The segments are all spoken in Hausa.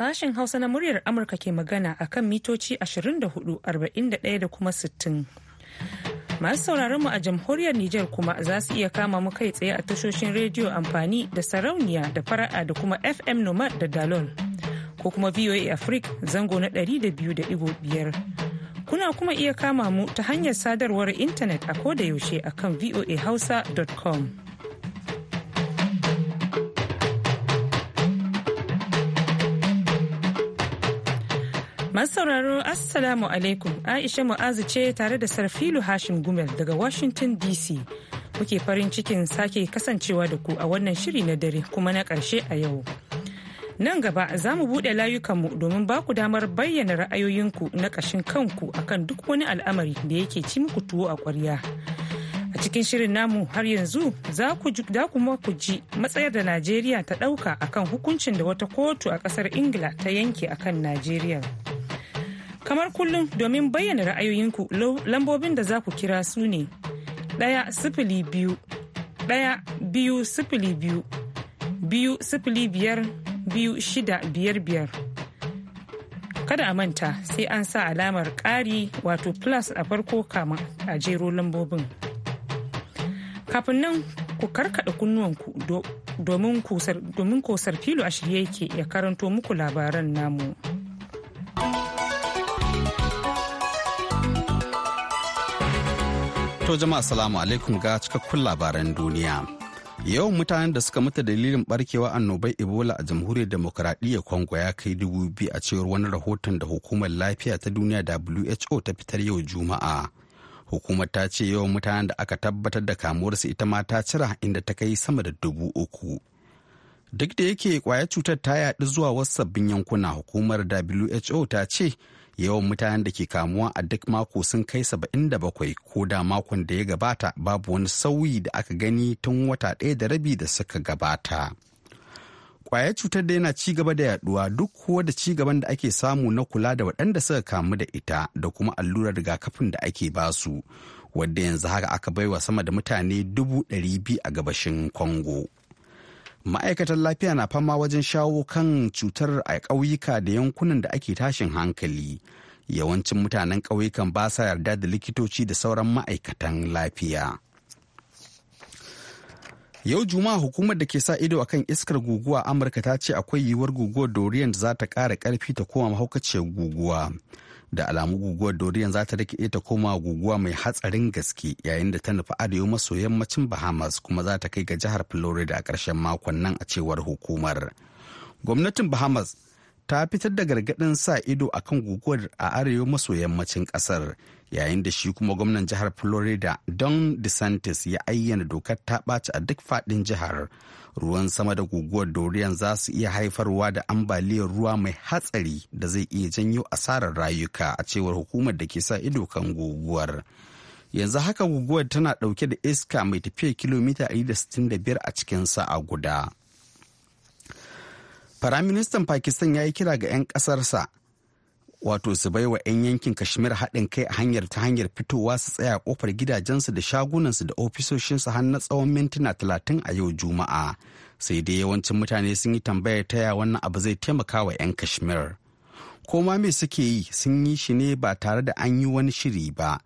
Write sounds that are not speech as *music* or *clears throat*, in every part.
Sashen Hausa na muryar Amurka ke magana a kan mitoci 24,41 da kuma 60. Masu sauraron mu a jamhuriyar Nijar kuma za su iya kama mu kai tsaye a tashoshin rediyo amfani da sarauniya da fara'a da kuma FM Nomad da Dalol. Ko kuma VOA Africa zango na da da biyu biyar Kuna kuma iya kama mu ta hanyar sadarwar intanet a koda yaushe a kan voahausa.com. Masauraro Assalamu alaikum Aisha Mu'azu ce tare da Sarfilu Hashim Gumel daga Washington DC. Muke farin cikin sake kasancewa da ku a wannan shiri na dare kuma na ƙarshe a yau. Nan gaba za mu buɗe layukanmu domin ba ku damar bayyana ra'ayoyinku na ƙashin kanku akan duk wani al'amari da yake ci muku tuwo a ƙwarya. A cikin shirin namu har yanzu za ku kuma ku ji matsayar da Najeriya ta ɗauka akan hukuncin da wata kotu a ƙasar Ingila ta yanke akan Najeriya. Najeriya. kamar kullum domin bayyana ra'ayoyinku lambobin da za ku kira su ne ɗaya sifili biyu ɗaya biyu sifili biyu biyu sifili biyar biyu shida biyar biyar kada a manta sai an sa alamar ƙari wato plus a farko kama a jero lambobin kafin nan ku karkada kunnuwanku domin kosar filo a shirye yake ya karanto muku labaran namu. To jama'a salamu alaikum ga cikakkun labaran duniya. Yawan mutanen da suka mutu dalilin barkewa annobar Ebola a jamhuriyar demokuraɗiyyar Kongo ya kai dubu biyu a cewar wani rahoton da hukumar lafiya ta duniya WHO ta fitar yau Juma'a. Hukumar ta ce yawan mutanen da aka tabbatar da kamuwarsu ita ma ta cira inda ta kai sama da dubu uku. Duk da yake kwayar cutar ta yaɗu zuwa wasu sabbin yankuna hukumar WHO ta ce yawan mutanen da ke kamuwa a duk mako sun kai saba'in da bakwai ko da makon da ya gabata babu wani sauyi da aka gani tun wata ɗaya da rabi da suka gabata kwayar cutar da yana ci gaba da yaduwa duk kuwa da ci gaban da ake samu na kula da waɗanda suka kamu da ita da kuma allurar rigakafin da ake basu wadda yanzu haka aka baiwa sama da mutane dubu ɗari a gabashin congo ma'aikatan lafiya na fama wajen shawo kan cutar a ƙauyuka da yankunan da ake tashin hankali yawancin mutanen ƙauyukan ba sa yarda da likitoci da sauran ma'aikatan lafiya yau juma'a hukumar da ke sa ido akan iskar guguwa amurka ta ce akwai yiwuwar guguwar dorian za ta ƙara ƙarfi ta koma mahaukaciyar guguwa da alamu guguwar dorian za ta rike ta koma guguwa mai hatsarin gaske yayin da ta nufi arewa maso yammacin bahamas kuma za ta kai ga jihar florida a ƙarshen makon nan a cewar hukumar gwamnatin bahamas ta fitar da gargaɗin sa ido a kan guguwar a arewa maso yammacin ƙasar yayin da shi kuma gwamnan jihar florida don desantis ya ayyana dokar ta ɓaci a duk faɗin jihar ruwan sama da guguwar doriyan za su iya haifarwa da ambaliyar ruwa mai hatsari da zai iya janyo asarar rayuka a cewar hukumar da ke sa ido kan guguwar yanzu haka guguwar tana dauke da iska mai tafiya kilomita 165 a cikin sa'a guda Firaministan Pakistan ya yi kira ga 'yan ƙasarsa wato su baiwa 'yan yankin kashmir haɗin kai a hanyar ta hanyar fitowa su tsaya kofar gidajensu da shagunansu da ofisoshinsu har na tsawon mintuna talatin a yau juma'a sai dai yawancin mutane sun yi tambayar ya wannan abu zai taimaka wa 'yan kashmir ko ma me suke yi sun yi shi ne ba tare da an yi wani shiri ba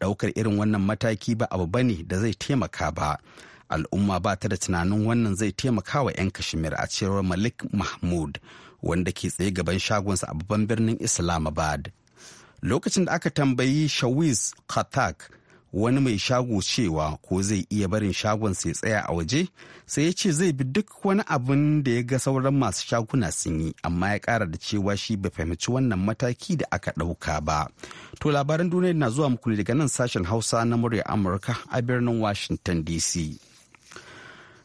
ɗaukar irin wannan mataki ba abu bane da zai taimaka ba al'umma ba ta da tunanin wannan zai taimaka wa 'yan kashmir a cewar malik mahmud wanda ke tsaye gaban shagonsa a babban birnin islamabad lokacin da aka tambayi shawiz khatak wani mai shago cewa ko zai iya barin shagon sai tsaya a waje sai ya ce zai bi duk wani abin da ya ga sauran masu shaguna sun yi amma ya kara da cewa shi bai fahimci wannan mataki da aka ɗauka ba to labaran duniya na zuwa muku daga nan sashen hausa na murya amurka a birnin washington dc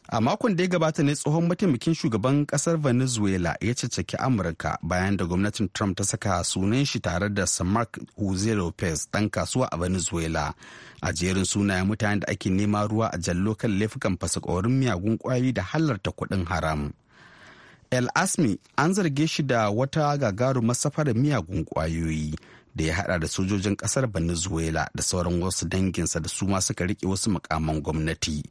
a makon da ya gabata ne tsohon mataimakin shugaban kasar venezuela ya caccaki amurka bayan da gwamnatin trump ta saka sunan shi tare da samark jose lopez dan kasuwa a venezuela a jerin sunayen mutane da ake nema ruwa a jallo kan laifukan fasakorin miyagun kwayoyi da halarta kuɗin haram el asmi an zarge shi da wata gagarumar masafar miyagun kwayoyi da ya hada da sojojin kasar venezuela da sauran wasu danginsa da su ma suka rike wasu mukaman gwamnati.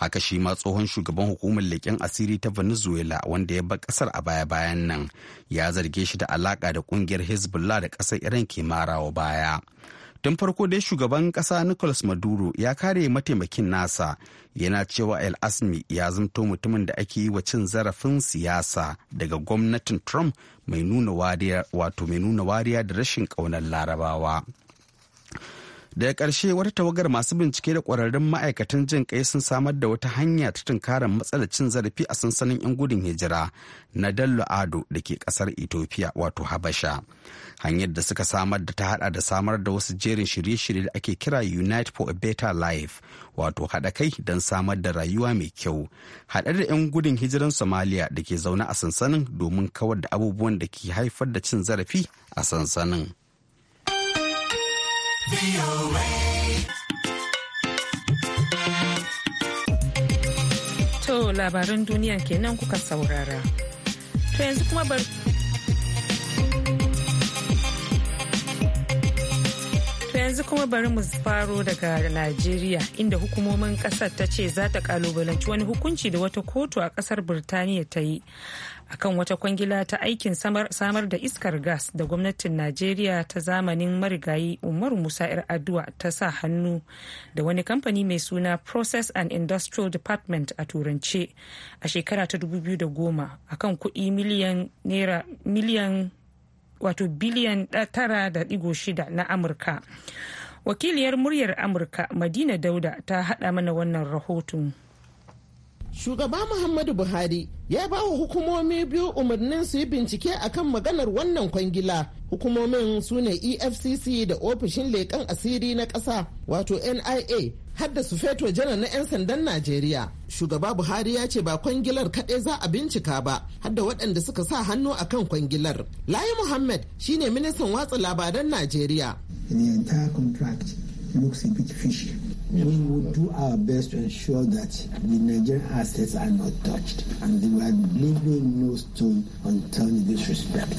haka shi ma tsohon shugaban hukumar leƙen asiri ta venezuela wanda ya bar ƙasar a baya-bayan nan ya zarge shi da alaƙa da ƙungiyar hezbollah da ƙasar iran ke marawa baya tun farko dai shugaban ƙasa nicolas maduro ya kare mataimakin nasa yana cewa el asmi ya zamto mutumin da ake yi wa cin zarafin siyasa daga gwamnatin trump mai nuna wariya da rashin ƙaunar larabawa daga karshe wata tawagar masu bincike da kwararrun ma'aikatan jin kai sun samar da wata hanya ta tunkarar matsalar cin zarafi a sansanin 'yan gudun hijira na dallo ado da ke ƙasar ethiopia wato habasha hanyar da suka samar da ta hada da samar da wasu jerin shirye-shirye da ake kira unite for a better life wato haɗa kai don samar da rayuwa mai kyau haɗe da 'yan gudun hijiran somalia da ke zaune a sansanin domin kawar da abubuwan da ke haifar da cin zarafi a sansanin. To labaran duniya kenan kuka saurara. To yanzu kuma bari yanzu kuma bari mu faro daga Najeriya inda hukumomin kasar ta ce za ta kalubalanci wani hukunci da wata kotu a kasar Birtaniya ta yi akan wata kwangila ta aikin samar da iskar gas da gwamnatin Najeriya ta zamanin marigayi Umaru Musa addua ta sa hannu da wani kamfani mai suna Process and Industrial Department a turance a shekara ta 2010 akan kuɗi miliyan wato biliyan 9.6 na amurka wakiliyar muryar amurka madina dauda ta hada mana wannan rahoton shugaba muhammadu buhari ya ba wa hukumomi biyu umarnin su yi bincike kan maganar wannan kwangila hukumomin su ne efcc da ofishin leƙen asiri na ƙasa wato nia hadda su feto janar na 'yan sandan najeriya shugaba buhari ya ce ba kwangilar kaɗai za a bincika ba hadda waɗanda suka sa hannu a kan kwangilar layi muhammad shine ministan watsa labaran najeriya looks a bit fishy. We will do our best to ensure that the Nigerian assets are not touched and they are leaving no stone unturned in this respect.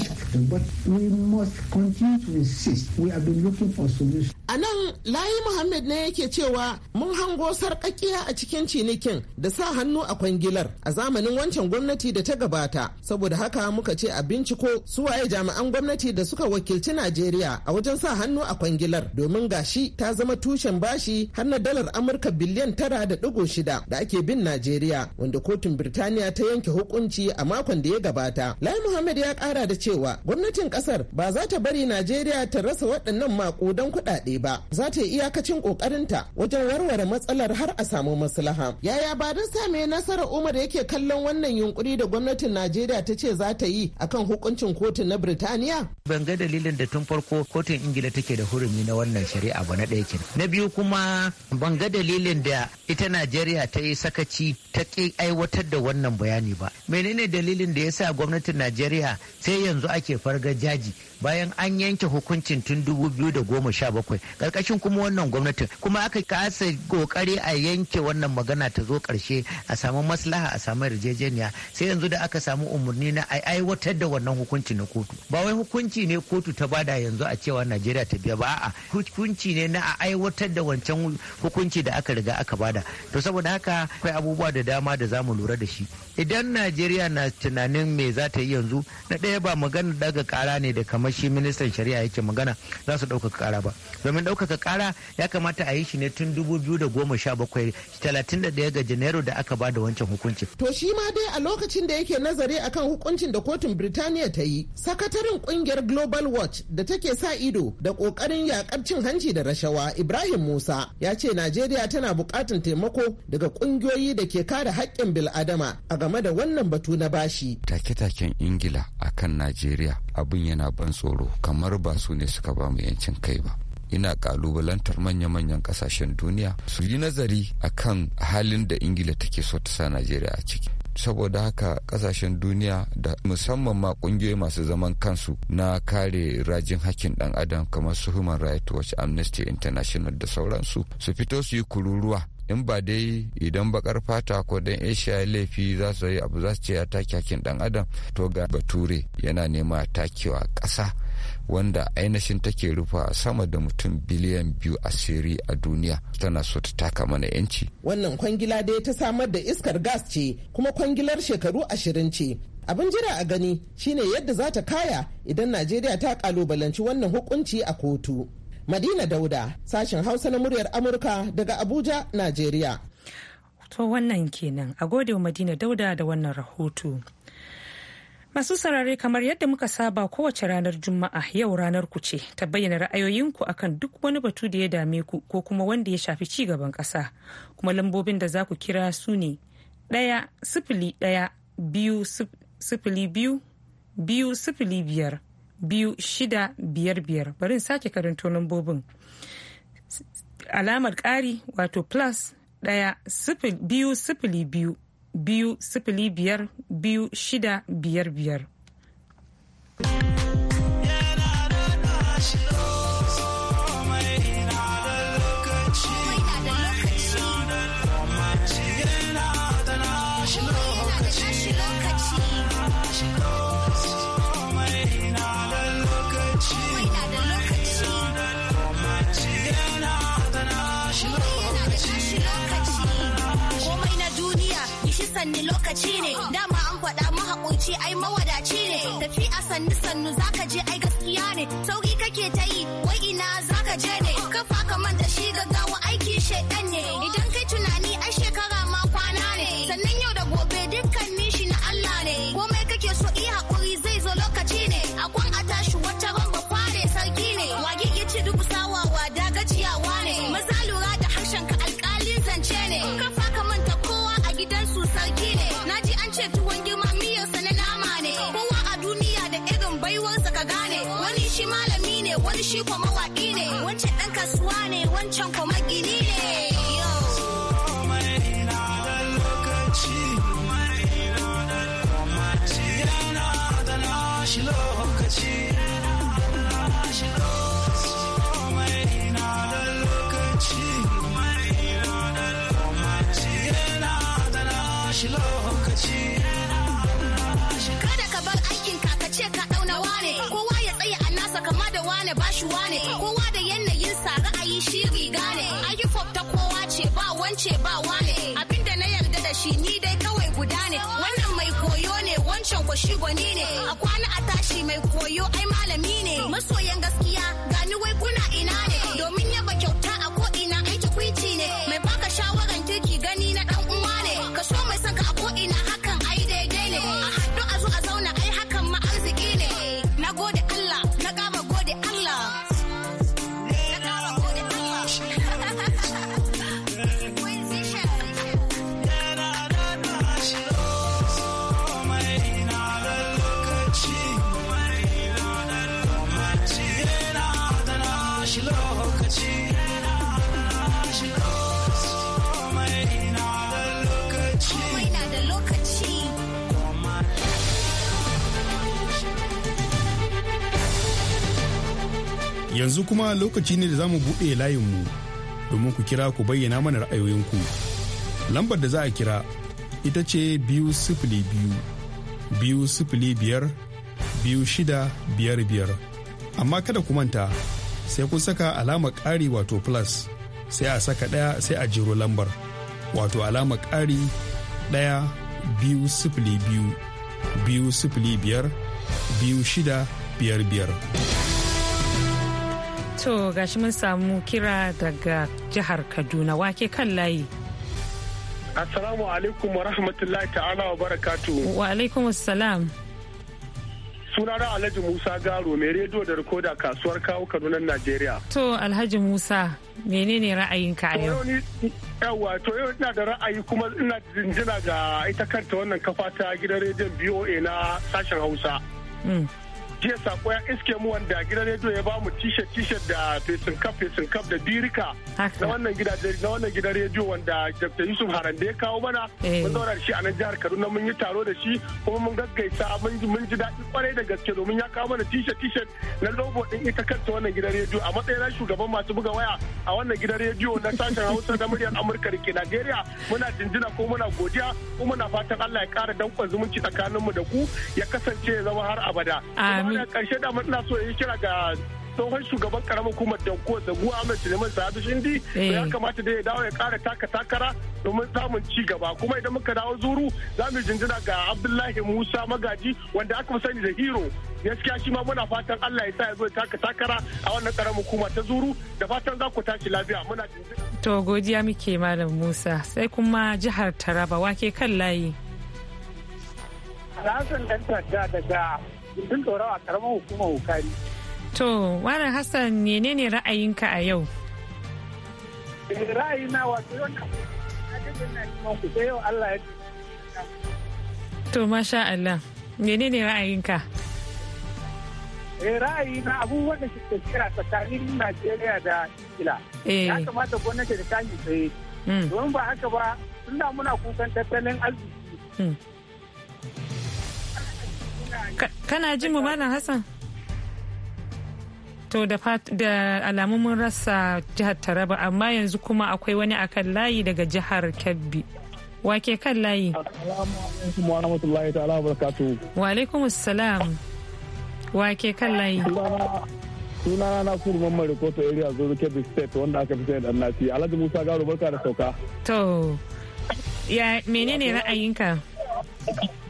But we must continue to insist. We have been looking for solutions. A nan Layi Muhammad ne yake cewa mun hango sarƙaƙiya a cikin cinikin da sa hannu a kwangilar a zamanin wancan gwamnati da ta gabata. Saboda haka muka ce a binciko suwaye jami'an gwamnati da suka wakilci Najeriya a wajen sa hannu a kwangilar domin gashi ta zama tushen bashi har na dalar amurka biliyan tara da digo shida da ake bin najeriya wanda kotun birtaniya ta yanke hukunci a makon da ya gabata lai muhammad ya kara da cewa gwamnatin kasar ba za ta bari najeriya ta rasa waɗannan makudan kuɗaɗe ba za ta yi iyakacin ƙoƙarinta wajen warware matsalar har a samu maslaha yaya ba don same nasarar umar yake kallon wannan yunkuri da gwamnatin najeriya ta ce za ta yi akan hukuncin kotun na birtaniya ban ga dalilin da tun farko kotun ingila take da hurumi na wannan shari'a ba na ɗaya na biyu kuma ban ga dalilin da ita najeriya ta yi sakaci ta ki aiwatar da wannan bayani ba menene dalilin da ya sa gwamnatin najeriya sai yanzu ake farga jaji bayan an yanke hukuncin tun 2017 karkashin kuma wannan gwamnatin kuma aka kasa kokari a yanke wannan magana ta zo karshe a samu maslaha a samu yarjejeniya sai yanzu da aka samu umarni na a aiwatar da wannan hukunci na kotu ba wai hukunci ne kotu ta bada yanzu a cewa Najeriya ta biya ba a hukunci ne na a aiwatar da wancan hukunci da aka riga aka bada to saboda haka akwai abubuwa da dama da zamu lura da shi idan Najeriya na tunanin me za ta yi yanzu na ɗaya ba magana daga kara ne da kamar shi ministan shari'a yake magana za su ɗaukaka ƙara ba domin ɗaukaka ƙara ya kamata a yi shi ne tun da goma sha bakwai talatin da ɗaya ga janairu da aka ba da wancan hukuncin. to shi ma dai a lokacin da yake nazari akan hukuncin da kotun birtaniya ta yi sakataren ƙungiyar global watch da take sa ido da ƙoƙarin yaƙar cin hanci da rashawa ibrahim musa ya ce najeriya tana buƙatar taimako daga ƙungiyoyi da ke kare haƙƙin bil'adama a game da wannan batu na bashi take-taken ingila akan najeriya abin yana ban tsoro kamar ba su ne suka ba mu yancin kai ba ina kalubalantar manya-manyan kasashen duniya su yi nazari a kan halin da ingila take so ta sa najeriya a ciki saboda haka kasashen duniya da musamman ma kungiyoyi masu zaman kansu na kare rajin hakkin dan adam kamar su human rights watch amnesty international da sauransu su fito su yi kururuwa in ba dai idan bakar fata ko dan asia ya laifi za su yi abu za su ce ya take hakin dan adam to ga bature yana nema takewa ƙasa wanda ainihin take rufa sama da mutum biliyan biyu asiri a duniya tana so ta taka mana yanci wannan kwangila dai ta samar da iskar gas ce kuma kwangilar shekaru ashirin ce abin jira a gani shine yadda za ta kaya idan najeriya ta kalubalanci wannan hukunci a kotu Madina Dauda, sashen Hausa na muryar Amurka daga Abuja, Najeriya. To wannan kenan, a gode wa Madina Dauda da wannan rahoto. Masu sarare kamar yadda muka saba kowace ranar Juma'a yau ranar ku ce ta bayyana ra'ayoyinku akan duk wani batu da ya dame ku ko kuma wanda ya shafi ci gaban ƙasa. Kuma lambobin da za ku kira su ne ɗaya sifili ɗaya biyu sifili biyu biyu sifili biyar biyu shida biyar biyar bari sake karanto lambobin alamar ƙari wato plus ɗaya biyu sifili biyu biyu sifili biyar biyu shida biyar biyar sanni lokaci ne dama an faɗa mahaƙoci ai mawadaci ne tafi a sanni sannu zaka je ai gaskiya ne ne kowa da yanayin sa ra'ayi shi riga ne ayyufop ta kowa ce ba wance ba wane abinda na yarda da shi ni dai kawai guda ne wannan mai koyo ne wancan kwashi gwani ne a kwana a tashi mai koyo ai malami ne masoyan gaskiya yanzu kuma lokaci ne da za mu buɗe layinmu domin ku kira ku bayyana mana ra'ayoyinku lambar da za a kira ita ce biyu sifili biyu biyu sifili biyar biyu shida biyar biyar amma kada ku manta sai kun saka alama ƙari wato plus sai a saka ɗaya sai a jiro lambar wato alama ƙari ɗaya biyu sifili biyu biyu sifili biyar biyu shida biyar biyar. To gashi mun samu kira daga jihar Kaduna wake kan layi. Assalamu alaikum wa rahmatullahi ta'ala wa barakatu. Wa alaikum assalam. na alhaji musa garo mai rediyo da rikoda kasuwar kawo kadunan najeriya to alhaji musa menene ra'ayinka a yau yawa to yau ina da ra'ayi kuma ina jinjina ga ita kanta wannan kafa ta gidan rediyon boa na sashen hausa mm. jiya sako ya iske mu wanda gidan rediyo ya ba mu tishet tishet da fesin cup fesin cup da birika na wannan gida na wannan gidan rediyo wanda Dr. Yusuf da ya kawo mana eh. mun zauna da shi a nan jihar Kaduna mun yi taro da shi kuma mun gaggaisa mun ji mun ji daɗi kwarai da gaske domin ya kawo mana tishet tishet na logo din ita kanta wannan gidan rediyo a matsayin shugaban masu buga waya a wannan gidan rediyo na sashen Hausa da muryar Amurka da ke Najeriya muna jinjina ko muna godiya ko muna fatan Allah ya kara dankon zumunci tsakaninmu da ku ya kasance ya zama har abada. da karshe da ina so yi kira ga tsohon shugaban karamar hukumar danko da guwa ahmed suleiman sahabi shindi eh. ya kamata da ya dawo ya kara taka takara domin samun ci gaba kuma idan muka dawo zuru za mu jinjina ga abdullahi musa magaji wanda aka sani da hero gaskiya shi ma muna fatan allah ya sa ya zo taka takara a wannan karamar hukuma ta zuru da fatan za ku tashi lafiya muna jinjina. to godiya muke malam musa sai kuma jihar taraba wake kan layi. Alhassan da daga sun tsoro a karamar hukumar hukari. To, Wani Hassan ne ra'ayinka a yau? Eh, ra'ayina wato yau na ku sai yau Allah ya To, masha Allah, ne ra'ayinka? Eh, abu abubuwan da suke kira tsakanin Najeriya da Ingila. Eh. Ya kamata gwamnati da ta yi tsaye. Hmm. Domin ba haka ba, suna muna kukan tattalin arziki. Hmm. kana ji mu malam hassan to da alamu mun rasa jihar taraba amma yanzu kuma akwai wani akan layi daga jihar kebbi wake kan layi wa alaikum salam wake kan layi suna na kuru mamman rikoto area zozo kebbi state wanda aka fi sai da nasi alhaji musa garo barka da sauka to ya menene ra'ayinka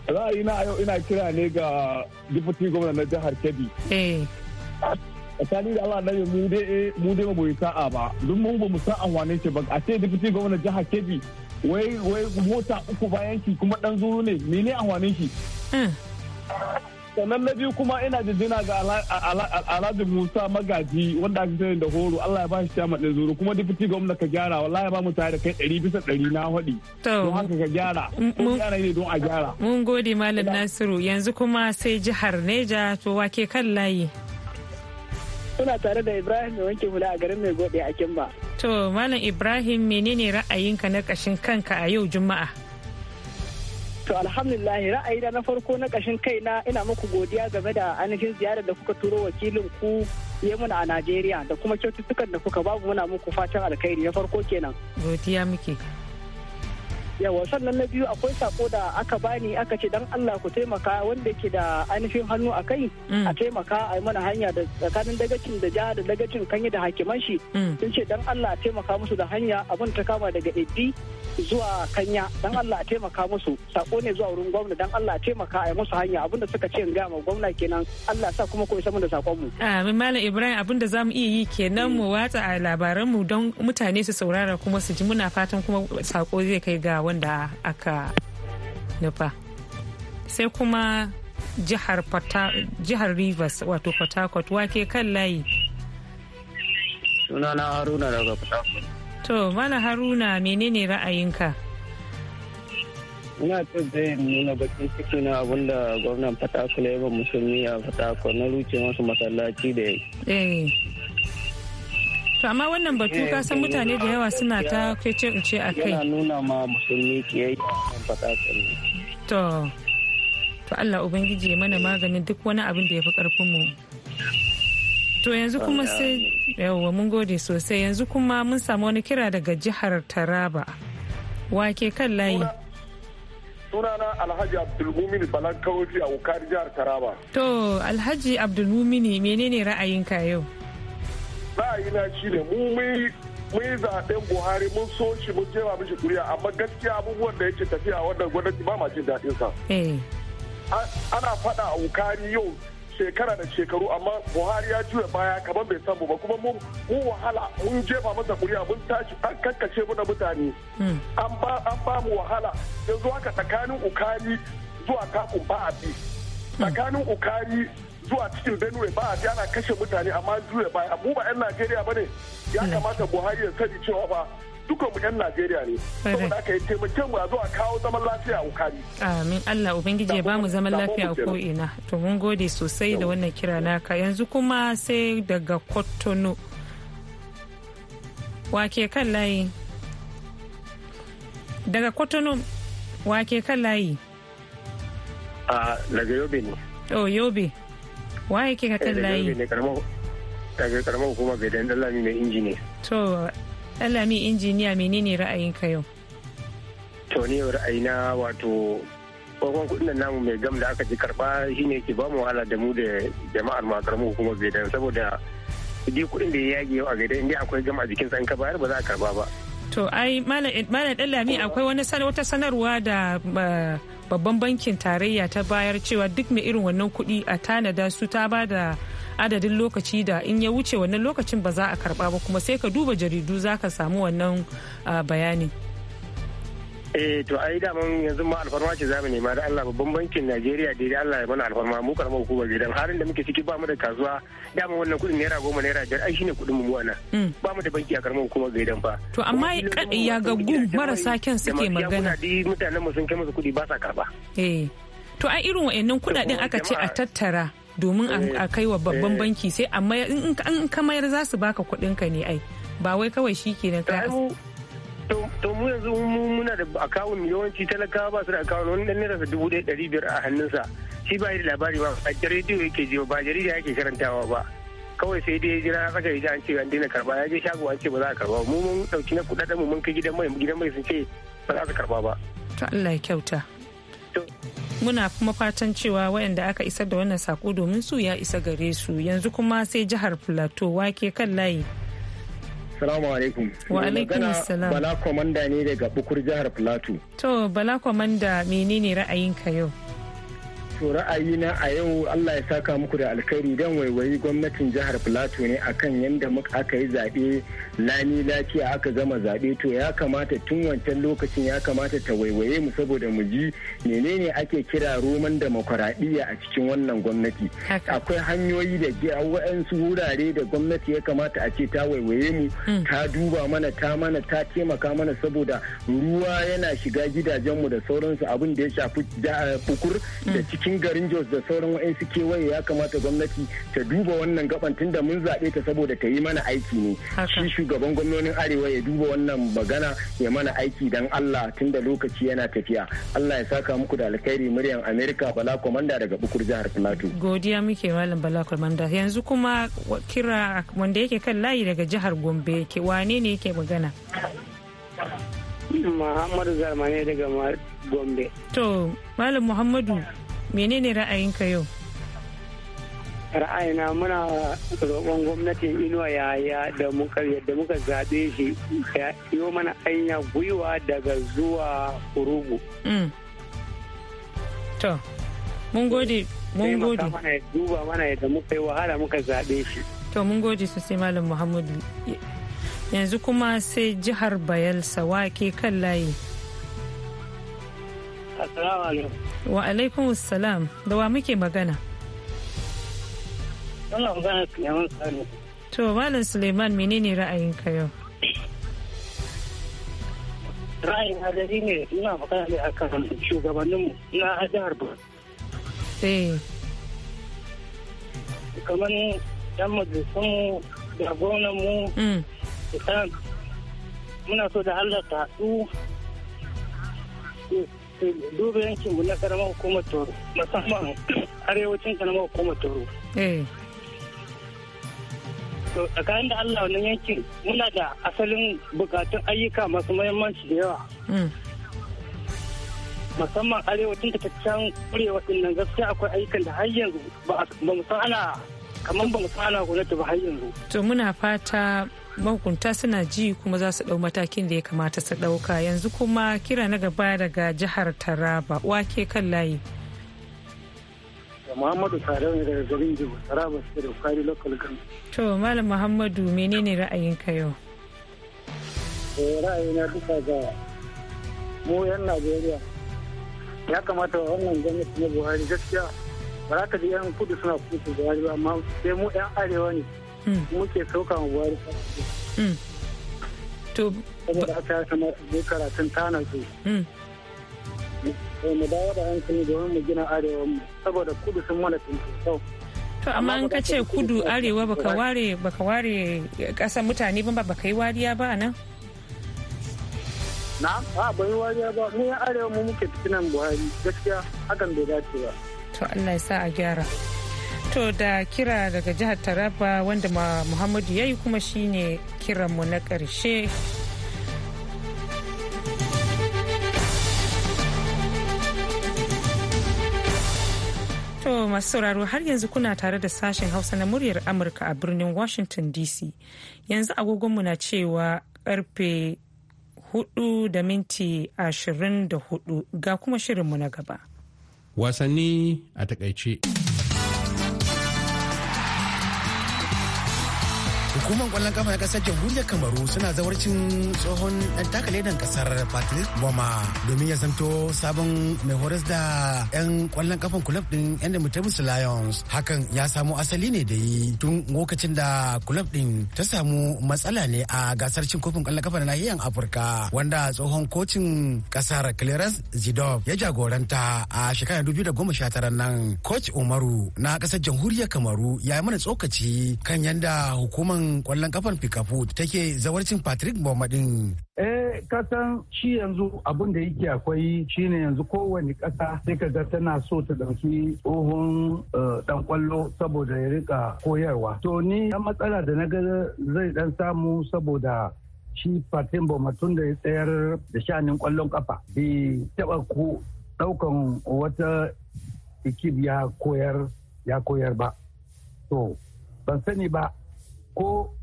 yi na yau ina kira ne ga deputy gwamna na jihar kebbi eh. tsakani da allah nan mu dai eh, mu dai mu yi sa'a ba duk mu ba mu san amfanin shi ba a ce deputy gwamna jihar kebbi wai wai mota uku bayan shi kuma dan zuru ne mene amfanin shi eh. sannan na biyu kuma ina jinjina ga alhaji musa magaji wanda aka sani da horo allah ya ba shi ciyama ɗin zuru kuma dipiti gwamna ka gyara wallahi ba mu tare da kai ɗari bisa ɗari na haɗi don haka ka gyara mun gyara ne don a gyara mun gode malam nasiru yanzu kuma sai jihar neja to wake kan layi suna tare da ibrahim mai wanke hula a garin mai gode a kimba to malam ibrahim menene ra'ayinka na ƙashin kanka a yau juma'a To alhamdulillah ra'ayi na farko na kashin na ina muku godiya game da ainihin ziyarar da kuka turo wakilin ku ya muna a Najeriya da kuma kyaututtukan da kuka babu muna muku fatan alkhairi na farko kenan. Godiya muke. yawa sannan na biyu akwai sako da aka bani aka ce dan Allah ku taimaka wanda ke da ainihin hannu a kai mm. a taimaka a mana hanya da tsakanin dagacin da ja da dagacin kanyi da hakiman shi mm. sun ce dan Allah a taimaka musu da hanya abin ta kama daga edi. zuwa Kanya dan Allah a taimaka musu sako ne zuwa wurin gwamna dan Allah a taimaka a musu hanya abin da suka ce in ma gwamna kenan Allah sa kuma ko isa da sakon mu amin malam Ibrahim abin da zamu iya yi kenan mm. mu watsa a labaran mu don mutane su saurara kuma su ji muna fatan kuma sako zai kai gawa. wanda aka nufa sai kuma jihar pata jihar rivers wato port harcourt wake kan layi sunana haruna daga port harcourt to mana haruna menene ra'ayinka ina ce zai nuna bakin ciki na abinda gwamnan fatakula ya ba musulmi a fatakula na ruce masu masallaci da ya eh. to amma wannan batu ka san mutane da yawa suna ta kwece uce a kai yana nuna ma musulmi ke kiyayya to to Allah ubangiji ya mana maganin duk wani abin da ya fi karfin mu to yanzu kuma sai yawa mun gode sosai yanzu kuma mun samu wani kira daga jihar Taraba wake kan layi sunana alhaji abdulmumini balan kawoji a wukar jihar taraba to alhaji abdulmumini menene ra'ayinka yau ra'ayina shine mu mun yi zaɓen buhari mun so shi mun jefa mishi kuriya amma gaskiya abubuwan da yake tafiya wannan gwamnati ba ma jin daɗin sa eh. ana faɗa a wukari yau shekara da shekaru amma buhari ya juya baya kamar bai samu ba kuma mun wahala mun jefa masa kuriya mun tashi an kakkace mu da mutane hmm. an ba mu wahala yanzu haka tsakanin ukari zuwa kakun ba a bi hmm. tsakanin ukari zuwa cikin benue ba a ana kashe mutane amma zuwa baya mu ba 'yan najeriya ba ne ya hmm. kamata buhari ya sani cewa ba dukan mu 'yan Najeriya ne. Saboda aka yi taimakon mu a zuwa kawo zaman lafiya a Ukari. Amin Allah Ubangiji ya ba mu zaman lafiya a ko'ina. To mun gode sosai da wannan kira naka yanzu kuma sai daga Kotono. Wake kan layi. Daga Kotono wake kan layi. Ah, daga Yobe ne. Oh Yobe. waye kika kan layi daga karamar hukumar gaidan lami mai injiniya to lami injiniya menene ra'ayinka yau to ne na wato farkon kudin namu mai gam da aka ji karba ne ke ba mu wahala da mu da jama'ar ma karamar hukumar gaidan saboda duk kudin da ya yage yau a gaida inda akwai gam a jikin sa in ka bayar ba za a karba ba to ai malam lami akwai wani wata sanarwa da babban bankin tarayya ta bayar cewa duk mai irin wannan kuɗi a tanada su ta ba da adadin lokaci da in ya wuce wannan lokacin ba za a karba ba kuma sai ka duba jaridu za ka samu wannan ah, bayani. eh to ai mun yanzu ma alfarma ce zamu nema da Allah babban bankin Najeriya da Allah ya mana alfarma mu karamar hukumar gidan halin da muke ciki ba mu da kasuwa da mu wannan kudin naira goma naira biyar ai shine kudin mu ana hmm. ba mu da banki a karamar hukumar gidan fa to amma ya gaggun marasa kyan suke magana mutanen mu sun kai musu kudi ba sa karba eh to ai irin wayannan kudaden aka ce a tattara domin eh. a kai wa babban eh. banki sai amma in ka mayar za su baka kudin ka ne ai ba wai kawai shi shikenan ka to mu yanzu muna da akawun yawanci talakawa ba su da akawun wani dan nera dubu ɗaya ɗari biyar a hannunsa shi ba da labari ba a rediyo yake jiwa ba jarida yake karantawa ba kawai sai dai jira aka yi an ce an daina karba ya je shago an ce ba za a karba mu mun dauki na kuɗaɗen mu mun kai gidan mai gidan mai sun ce ba za su karba ba to Allah ya kyauta muna kuma fatan cewa wayanda aka isar da wannan sako domin su ya isa gare su yanzu kuma sai jihar plateau wake kan layi Salamu alaikum. Wa alaikum salam. Bala kwamanda ne daga Bukur jihar Plateau. To Bala kwamanda menene ra'ayinka yau? To ra'ayina a yau Allah ya saka muku da alkhairi don waiwayi gwamnatin jihar Filato ne akan yadda aka yi zaɓe lani lafiya aka zama zaɓe to ya kamata tun wancan lokacin ya kamata ta waiwaye mu saboda mu ji menene ake kira roman demokuraɗiyya a cikin wannan gwamnati. Akwai hanyoyi da waɗansu wurare da gwamnati ya kamata a ce ta waiwaye mu hmm. ta duba mana ta mana ta taimaka mana saboda ruwa yana shiga gidajenmu da sauransu abin da ya shafi bukur da hmm. ciki cikin garin Jos da sauran wa'ansu kewaye ya kamata gwamnati ta duba wannan gaban tunda mun zaɓe ta saboda ta yi mana aiki ne. Shi shugaban gwamnonin Arewa ya duba wannan magana ya mana aiki dan Allah tunda lokaci yana tafiya. Allah ya saka muku da alkhairi muryan Amerika Bala Komanda daga Bukur jihar Plateau. Godiya muke Malam Bala Komanda. Yanzu kuma kira wanda yake kan layi daga jihar Gombe ke wane ne yake magana? Muhammadu Zarmane daga Gombe. To, Malam Muhammadu menene ra'ayinka yau ra'ayina muna roƙon gwamnatin inuwa yaya da muka yadda muka zaɓe shi ya yi mana anya gwiwa daga zuwa kurugu mm. to mun gode mun gode mana ya duba mana yadda muka yi wahala muka zaɓe shi to mun gode sosai malam muhammadu yanzu kuma sai jihar bayelsa wake kan layi assalamu alaikum wa alaikun salam da wa muke magana to malam suleiman menene ra'ayinka yau ra'ayin hadari ne ina magana ne akan shugabanninmu na jihar Bauchi. Eh. kamar yan majalisun da gwamnan mu mm. muna so da Allah ta haɗu duba yankinmu na karamar hukumar toro musamman *clears throat* arewacin karamar hukumar toro eh. to tsakanin da allah wani yankin muna da asalin bukatun ayyuka masu mahimmanci da yawa hmm. musamman arewacin da can kurewa nan gaskiya akwai ayyukan da har yanzu ba mu ana kamar ba mu san ana gwamnati ba har yanzu to muna fata mahukunta suna ji kuma za su ɗau matakin da ya kamata su dauka yanzu kuma kira na gaba daga jihar taraba wake kan layi muhammadu tare ne daga garin jibu taraba su da kwari local gan to malam muhammadu menene ra'ayinka yau eh, ra'ayina duka ga mu yan najeriya ya kamata wannan gwamnati na buhari gaskiya ba za ka ji yan kudu suna kusa buhari ba amma sai mu yan arewa ne Hmm. muke saukan buhari hmm. to saboda aka ya kamata mu karatun tana su hmm. mu dawo da hankali domin mu gina arewa mu saboda kudu sun mana tuntun to amma an ka ce kudu arewa baka ware baka ware kasan mutane ba baka yi wariya ba nan na ba yi wariya ba mu ya arewa mu muke fitinan buhari gaskiya hakan bai dace ba to Allah ya sa a gyara To da kira daga jihar Taraba wanda Muhammadu ya yi kuma shine kiranmu na ƙarshe. To masu sauraro har yanzu kuna tare da sashen Hausa na muryar Amurka a birnin Washington DC. Yanzu agogonmu na cewa karfe hudu da minti ashirin da hudu ga kuma shirinmu na gaba. Wasanni a takaice. hukumar kwallon kafa na kasar jamhuriyar kamaru suna zawarcin tsohon dan takaledan kasar patrick boma domin ya zanto sabon mai horas da yan kwallon kafan kulab din yan mutamus lions hakan ya samu asali ne da yi tun lokacin da kulab din ta samu matsala ne a gasar cin kofin kwallon kafa na nahiyar afirka wanda tsohon kocin kasar clarence zidov ya jagoranta a shekarar 2019 nan coach umaru na kasar jamhuriyar kamaru ya yi mana tsokaci kan yanda hukumar kwallon kafar fikafu take zawarcin Patrick Boma din. Eh kasan shi yanzu abin da yake akwai shine yanzu kowane kasa sai ka ga tana so ta dauki tsohon dan eh, kwallo saboda ya rika koyarwa. To ni dan matsala da na ga zai dan samu saboda shi patrick Boma tun da ya tsayar da shanin kwallon kafa bai taba ko daukan wata ikib ya koyar ya koyar ba. To ban sani ba ko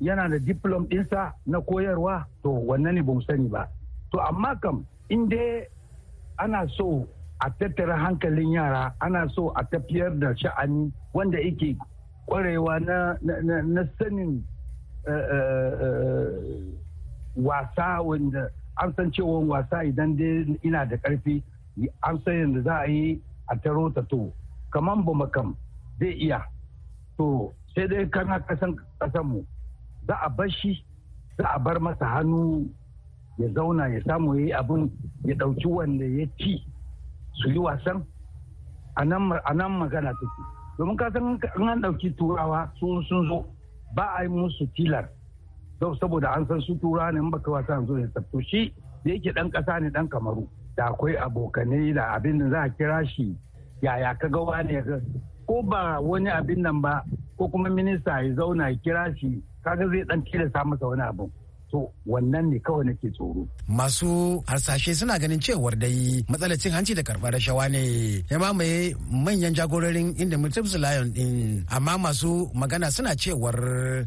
yana da diplom ɗinsa na koyarwa to wannan ne ba sani ba to amma kam in dai ana so a tattara hankalin yara ana so a tafiyar da sha'ani wanda yake kwarewa na, na, na sanin uh, uh, wasa wanda an san cewa wasa idan dai ina da ƙarfi an san yadda za a yi a taro ta to kamar bamakam kam zai iya to sai dai kana kasan kasanmu za a bar shi za a bar masa hannu ya zauna ya samu ya yi abin ya ɗauki wanda ya ci su yi wasan a nan magana take domin kasan an ɗauki turawa sun sun zo ba a yi musu tilar saboda an san su tura ne baka wasa zo ya tsafto shi da yake ɗan ƙasa ne ɗan kamaru da akwai abokanai da abin da za a kira shi yaya ka ga wani ko ba wani abin nan ba ko kuma minista ya zauna ya kira shi kaga zai dan tilasta masa wani abu to wannan ne kawai nake tsoro. Masu harsashe suna ganin cewar dai matsalar cin hanci da karbar rashawa ne ya mamaye manyan jagororin inda Multips Lion din amma masu magana suna cewar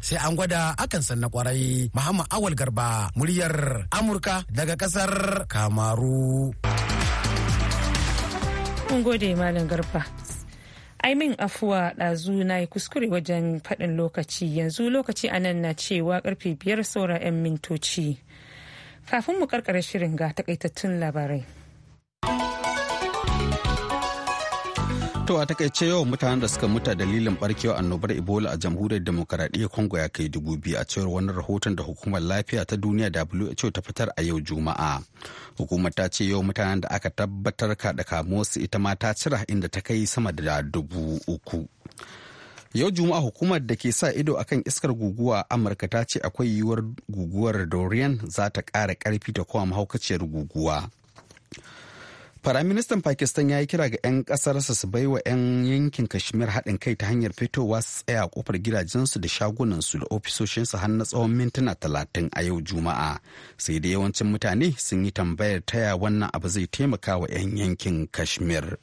sai an gwada akan sanna kwarai Muhammad Awal Garba muryar Amurka daga kasar Kamaru. Mun gode Malam Garba. ai min afuwa ɗazu na yi kuskure wajen faɗin lokaci yanzu lokaci a nan na cewa karfe biyar saura 'yan mintoci kafin mu karkare shirin ga takaitattun labarai To a takaice yawan mutanen da suka mutu dalilin barkewa annobar Ebola a jamhuriyar demokaradiyyar Congo ya kai dubu biyu a cewar wani rahoton da hukumar lafiya ta duniya WHO ta fitar a yau Juma'a. Hukumar ta ce yawan mutanen da aka tabbatar kaɗa kamuwarsu ita ma ta cira inda ta kai sama da dubu uku. Yau Juma'a hukumar da ke sa ido akan iskar guguwa Amurka ta ce akwai yiwuwar guguwar Dorian za ta ƙara ƙarfi da kuma mahaukaciyar guguwa. Faraministan Pakistan ya yi kira ga 'yan ƙasarsa su baiwa 'yan yankin Kashmir haɗin kai ta hanyar fitowa su tsaya kofar gidajensu da shagunansu da ofisoshinsu har na tsawon mintuna talatin a yau Juma'a. Sai da yawancin mutane sun yi tambayar taya wannan abu zai taimaka wa 'yan yankin Kashmir.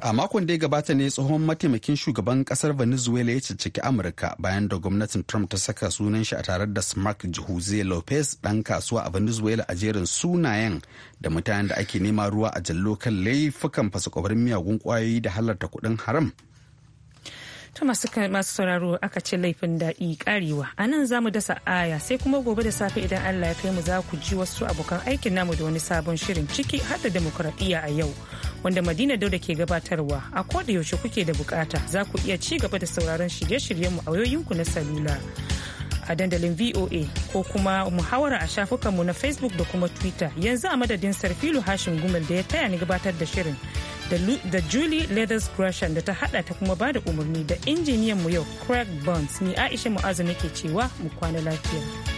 a makon da ya gabata ne tsohon mataimakin shugaban kasar venezuela ya cicciki amurka bayan da gwamnatin trump ta saka sunan shi a tare da smart jose lopez dan kasuwa a venezuela a jerin sunayen da mutanen da ake nema ruwa a jallo kan laifukan fasa miyagun kwayoyi da halarta kudin haram ta masu sauraro aka ce laifin daɗi karewa a nan za mu dasa aya sai kuma gobe da safe idan Allah ya kai mu za ku ji wasu abokan aikin namu da wani sabon shirin ciki har da demokuraɗiyya a yau wanda Madina Dauda ke gabatarwa a koda yaushe kuke da bukata za ku iya ci gaba da sauraron shirye shiryen mu a wayoyinku na salula a dandalin VOA ko kuma muhawara a shafukanmu na Facebook da kuma Twitter yanzu a madadin Sarfilu Hashin Gumel da ya taya ni gabatar da shirin. da Julie Leathers Gresham da ta hada ta kuma bada umarni da injiniyan mu yau Craig Burns ni Aisha Mu'azu nake cewa mu kwana lafiya.